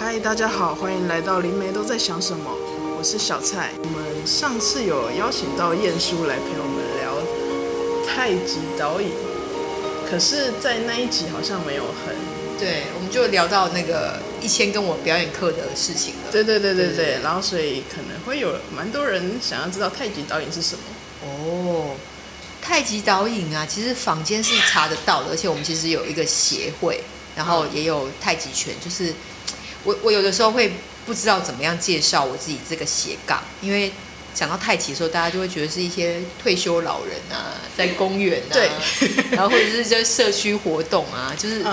嗨，Hi, 大家好，歡迎來到林梅《靈媒都在想什麼》，我是小蔡。我們上次有邀請到雁舒來陪我們聊太極導引，可是，在那一集好像沒有很對，我們就聊到那個一千跟我表演課的事情了。對對對對對，對對，然後所以可能會有蠻多人想要知道太極導引是什麼。哦，太極導引啊，其實坊間是查得到的，而且我們其實有一個協會，然後也有太極拳，就是。我我有的時候會不知道怎麼樣介紹我自己這個斜槓，因為講到太極的時候，大家就會覺得是一些退休老人啊，在公園啊，對對 然後或者是在社區活動啊，就是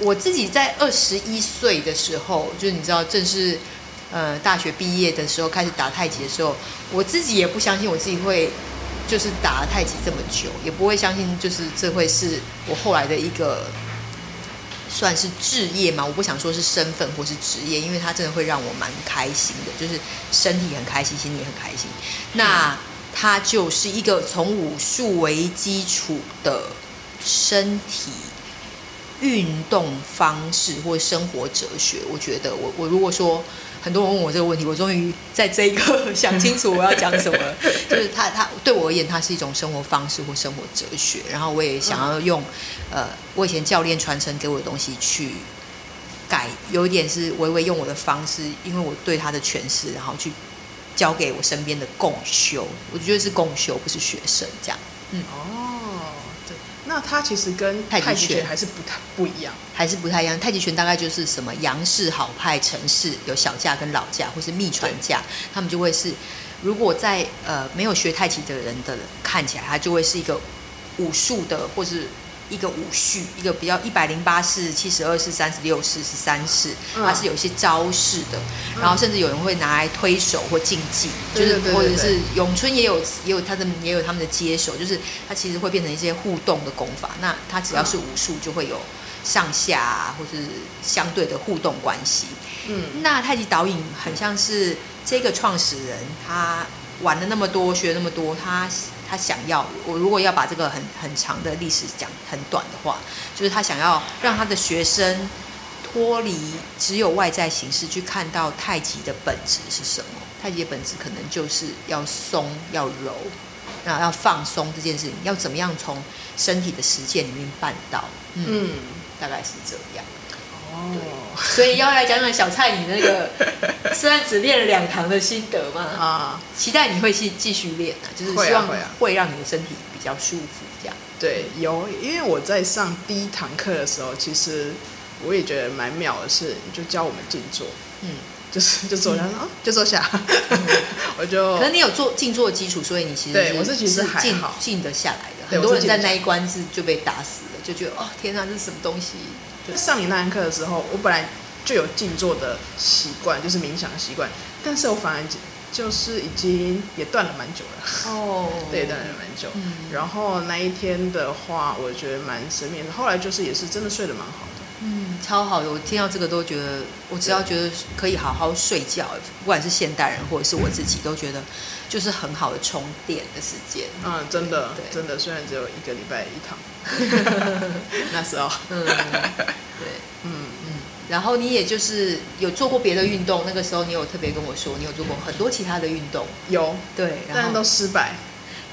我自己在二十一歲的時候，就是你知道正是，正是呃大學畢業的時候開始打太極的時候，我自己也不相信我自己會就是打太極這麼久，也不會相信就是這會是我後來的一個。算是職業嗎？我不想說是身份或是職業，因為它真的會讓我蠻開心的，就是身體很開心，心裡很開心。那它就是一個從武術為基礎的身體運動方式或生活哲學。我覺得我，我我如果說。很多人問我這個問題，我終於在這一刻想清楚我要講什麼。 就是他，他對我而言，他是一種生活方式或生活哲學。然後我也想要用，嗯、呃，我以前教練傳承給我的東西去改，有一點是微微用我的方式，因為我對他的詮釋，然後去教給我身邊的共修。我覺得是共修，不是學生這樣。嗯。哦那他其實跟太極拳還是不太不一樣，還是不太一樣。太極拳大概就是什麼楊氏好派，陳氏有小架跟老架，或是秘傳架。對他們就會是，如果在呃沒有學太極的人的看起來，他就會是一個武術的，或是。一個武序，一個比較一百零八式、七十二式、三十六式、十三式，它是有一些招式的，嗯、然後甚至有人會拿來推手或競技，對對對對，就是或者是詠春也有也有他的也有他們的接手，就是它其實會變成一些互動的功法。那它只要是武術就會有上下、啊、或是相對的互動關係。嗯，那太極導引很像是這個創始人他玩了那麼多，學了那麼多，他。他想要，我如果要把這個很很長的歷史講很短的話，就是他想要讓他的學生脫離只有外在形式，去看到太極的本質是什麼？太極的本質可能就是要鬆要柔，那、啊、要放鬆這件事情，要怎麼樣從身體的實踐裡面辦到？嗯，嗯大概是這樣。哦，所以要來講講小蔡你那個雖然只練了兩堂的心得嘛，啊，期待你會繼繼續練啊，就是希望會讓你的身體比較舒服，這樣。對，有，因為我在上第一堂課的時候，其實我也覺得蠻妙的是，你就教我們靜坐，嗯，就是就坐下，就坐下，我就。可能你有做靜坐的基礎，所以你其實對我是其實靜靜得下來的。很多人在那一關是就被打死了，就覺得哦天哪，這是什麼東西。上你那堂課的時候，我本來就有靜坐的習慣，就是冥想的習慣，但是我反而就是已經也斷了蠻久了。哦，oh. 對，斷了蠻久。嗯，然後那一天的話，我覺得蠻失眠的。後來就是也是真的睡得蠻好。嗯，超好的，我聽到這個都覺得，我只要覺得可以好好睡覺，對不管是現代人或者是我自己，都覺得就是很好的充電的時間。嗯，對真的，對真的，雖然只有一個禮拜一趟， 那時候， 嗯、對，嗯嗯。然後你也就是有做過別的運動，那個時候你有特別跟我說，你有做過很多其他的運動，有，對，然後但都失敗。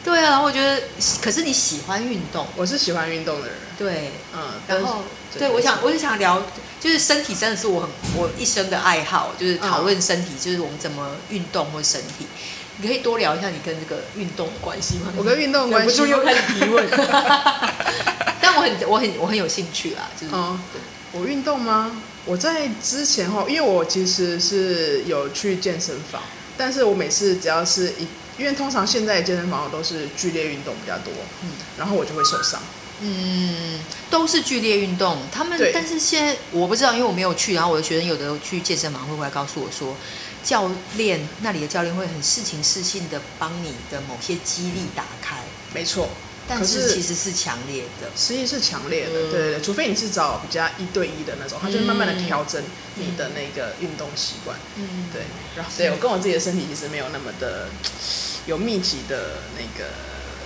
對啊，然後我覺得，可是你喜歡運動，我是喜歡運動的人。對，嗯，然後對，我想，我就想聊，就是身體真的是我很我一生的愛好，就是討論身體，就是我們怎麼運動或身體，你可以多聊一下你跟這個運動的關係嗎？我跟運動的關係又開始提問，但我很我很我很有興趣啦，就是哦，我運動嗎？我在之前哈，因為我其實是有去健身房，但是我每次只要是一。因為通常現在健身房都是劇烈運動比較多，嗯，然後我就會受傷。嗯，都是劇烈運動，他們，對但是現在我不知道，因為我沒有去。然後我的學生有的去健身房會不會來告訴我說，教練那裡的教練會很事情事性的幫你的某些肌力打開。嗯。沒錯，是但是其實是強烈的，實際是強烈的，嗯、對，對對，除非你是找比較一對一的那種，他就是慢慢的調整你的那個運動習慣。嗯，嗯對，然後對我跟我自己的身體其實沒有那麼的有密集的那個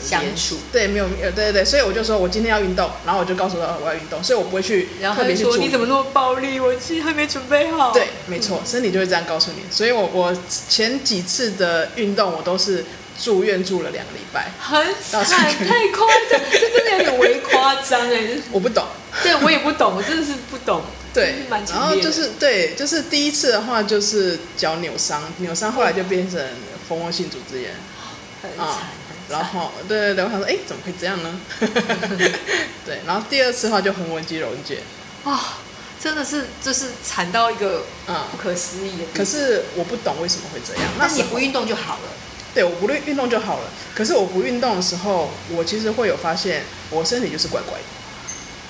相處，對，沒有，呃，對對，所以我就說，我今天要運動，然後我就告訴他，我要運動，所以我不會去特別去，然後他說：“你怎麼那麼暴力？我其實還沒準備好。”對，沒錯，身體就會這樣告訴你。所以，我我前幾次的運動，我都是住院住了兩個禮拜，很慘，太誇張，這真的有點微誇張哎，我不懂，對，我也不懂，我真的是不懂。對，然後就是對，就是第一次的話就是腳扭傷，扭傷後來就變成。蜂窩性組織炎，啊，然後對對我想說，哎，怎麼可以這樣呢？ 對，然後第二次的話就橫紋肌溶解，啊、哦，真的是就是慘到一個啊不可思議的、嗯。可是我不懂為什麼會這樣。那你不運動就好了。對，我不運動就好了。可是我不運動的時候，我其實會有發現，我身體就是怪怪的，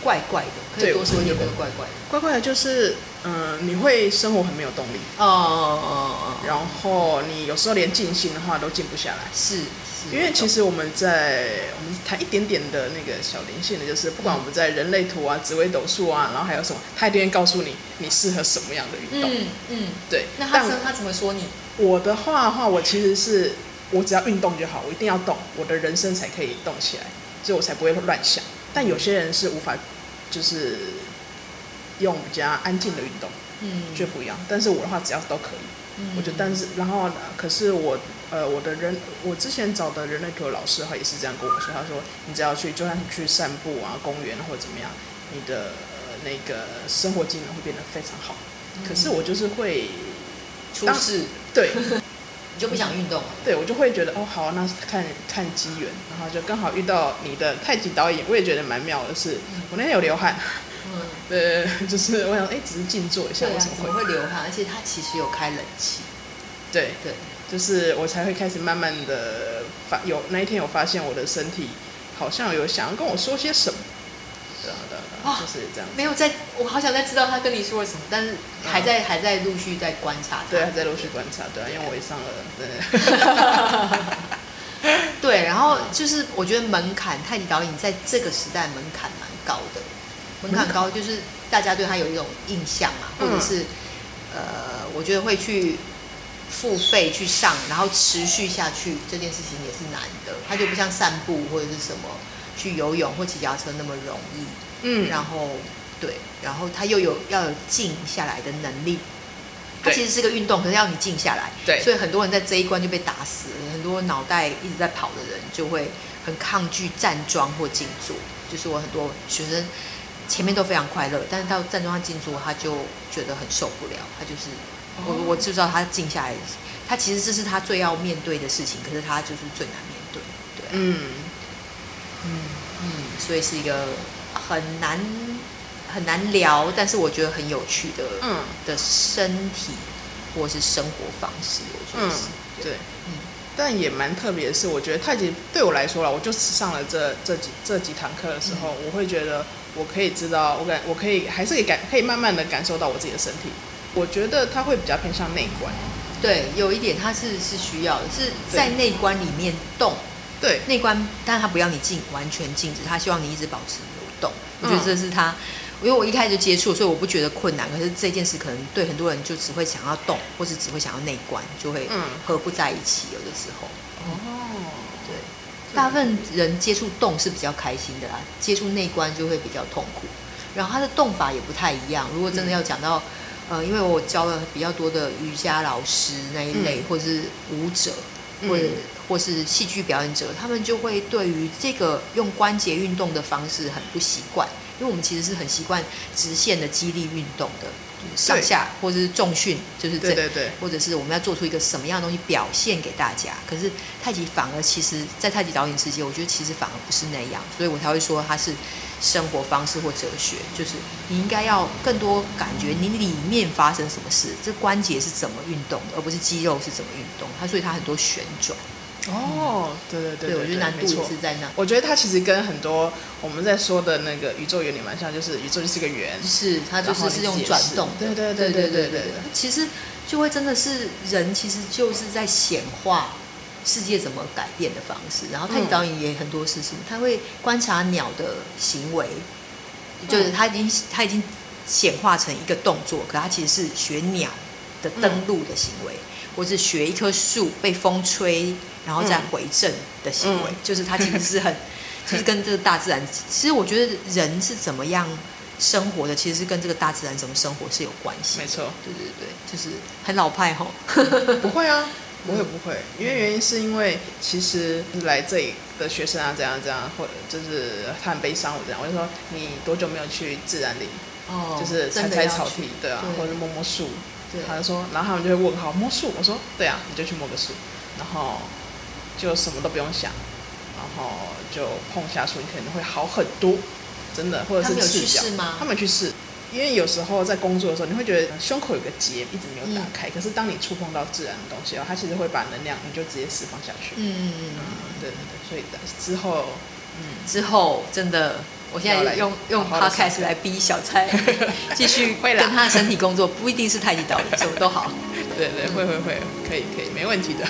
怪怪的。你怪怪的對，我身體就怪怪的。怪怪的就是。嗯，你會生活很沒有動力哦，哦，哦，哦，哦，哦，哦，哦，然後你有時候連靜心的話都靜不下來，是，是因為其實我們在我，懂我們談一點點的那個小靈性的，就是不管我們在人類圖啊、紫微、嗯、斗數啊，然後還有什麼，他一定會告訴你、嗯、你適合什麼樣的運動。嗯嗯，嗯對。那他我他怎麼說你？我的話的話，我其實是我只要運動就好，我一定要動，我的人生才可以動起來，所以我才不會亂想。嗯、但有些人是無法，就是。用比較安靜的運動，嗯，就不一樣。但是我的話，只要都可以。嗯，我覺得，但是然後呢，可是我，呃，我的人，我之前找的人類課老師，話，也是這樣跟我說。他說，你只要去就算是去散步啊，公園或者怎麼樣，你的、呃、那個生活機能會變得非常好。嗯、可是我就是會出事事對， 你就不想運動、啊？對，我就會覺得，哦，好，那看看機緣，然後就剛好遇到你的太極導引。我也覺得蠻妙的是，嗯、我那天有流汗。呃，就是我想，哎，只是靜坐一下，為什麼會流汗？而且他其實有開冷氣。對對，就是我才會開始慢慢的發，有那一天有發現我的身體好像有想要跟我說些什麼。對對對，就是這樣。沒有在，我好想再知道他跟你說了什麼，但是還在還在陸續在觀察。對，還在陸續觀察，對啊，因為我也上了。對，然後就是我覺得門檻，太極導引在這個時代門檻蠻高的。門檻高，就是大家對他有一種印象嘛，或者是，嗯、呃，我覺得會去付費去上，然後持續下去這件事情也是難的。他就不像散步或者是什麼去游泳或騎腳車那麼容易。嗯。然後對，然後他又有要有靜下來的能力。他其實是個運動，對可是要你靜下來。對。所以很多人在這一關就被打死了。很多腦袋一直在跑的人就會很抗拒站樁或靜坐。就是我很多學生。前面都非常快樂，但是到站樁上靜坐，他就覺得很受不了。他就是，我我就知道他靜下來，他其實這是他最要面對的事情，可是他就是最難面對，對、啊嗯，嗯，嗯嗯，所以是一個很難很難聊，但是我覺得很有趣的，嗯，的身體或是生活方式，我覺得，嗯，對，嗯，但也蠻特別的是，我覺得太極對我來說了，我就上了這這幾這幾堂課的時候，嗯、我會覺得。我可以知道，我感我可以還是可以感，可以慢慢的感受到我自己的身體。我覺得它會比較偏向內觀。對，有一點它是是需要的是在內觀裡面動。對，內觀，但是他不要你靜，完全靜止，他希望你一直保持流動。我覺得這是他，嗯、因為我一開始就接觸，所以我不覺得困難。可是這件事可能對很多人就只會想要動，或是只會想要內觀，就會合不在一起有的時候。嗯大部分人接觸動是比較開心的啦，接觸內觀就會比較痛苦。然後他的動法也不太一樣。如果真的要講到，嗯、呃，因為我教了比較多的瑜伽老師那一類，嗯、或是舞者，或者、嗯、或是戲劇表演者，他們就會對於這個用關節運動的方式很不習慣。因為我們其實是很習慣直線的肌力運動的，上下對或者是重訓，就是這，對對對，或者是我們要做出一個什麼樣的東西表現給大家。可是太極反而其實，在太極導引世界，我覺得其實反而不是那樣，所以我才會說它是生活方式或哲學，就是你應該要更多感覺你裡面發生什麼事，嗯、這關節是怎麼運動的，而不是肌肉是怎麼運動。它所以它很多旋轉。哦，對對對，我覺得難度是在那。我覺得他其實跟很多我們在說的那個宇宙原理蠻像，就是宇宙就是個圓，是它就是是用轉動。對對對對對對。其實就會真的是人，其實就是在顯化世界怎麼改變的方式。然後太極導引也很多事情，他會觀察鳥的行為，就是他已經他已經顯化成一個動作，可他其實是學鳥的登陸的行為。或是學一棵樹被風吹，然後再回正的行為，嗯、就是它其實是很，嗯、其實跟這個大自然， 其實我覺得人是怎麼樣生活的，其實是跟這個大自然怎麼生活是有關係的。沒錯錯，對對對，就是很老派吼。 不會啊，不會不會，因為、嗯、原因是因為其實來這裡的學生啊，怎樣怎樣，或者就是他很悲傷，我這樣，我就說你多久沒有去自然裡，哦、就是踩踩草地，對啊，對或者摸摸樹。對他就說，然後他們就會問，好，好摸樹？我說，對啊，你就去摸個樹，然後就什麼都不用想，然後就碰下樹，你可能會好很多，真的。或者是他們有去試他們去試，因為有時候在工作的時候，你會覺得胸口有個結一直沒有打開，嗯、可是當你觸碰到自然的東西哦，它其實會把能量你就直接釋放下去。嗯嗯嗯，對對對，所以之後，嗯，之後真的。我現在用用 Podcast 來逼小蔡繼續跟他的身體工作，不一定是太極導引，什麼都好。對對，會會會，可以可以，沒問題的。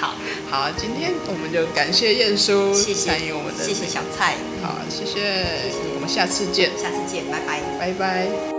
好，好，今天我們就感謝雁舒參與我們的，謝謝小蔡，好，謝謝，我們下次見，下次見，拜拜，拜拜。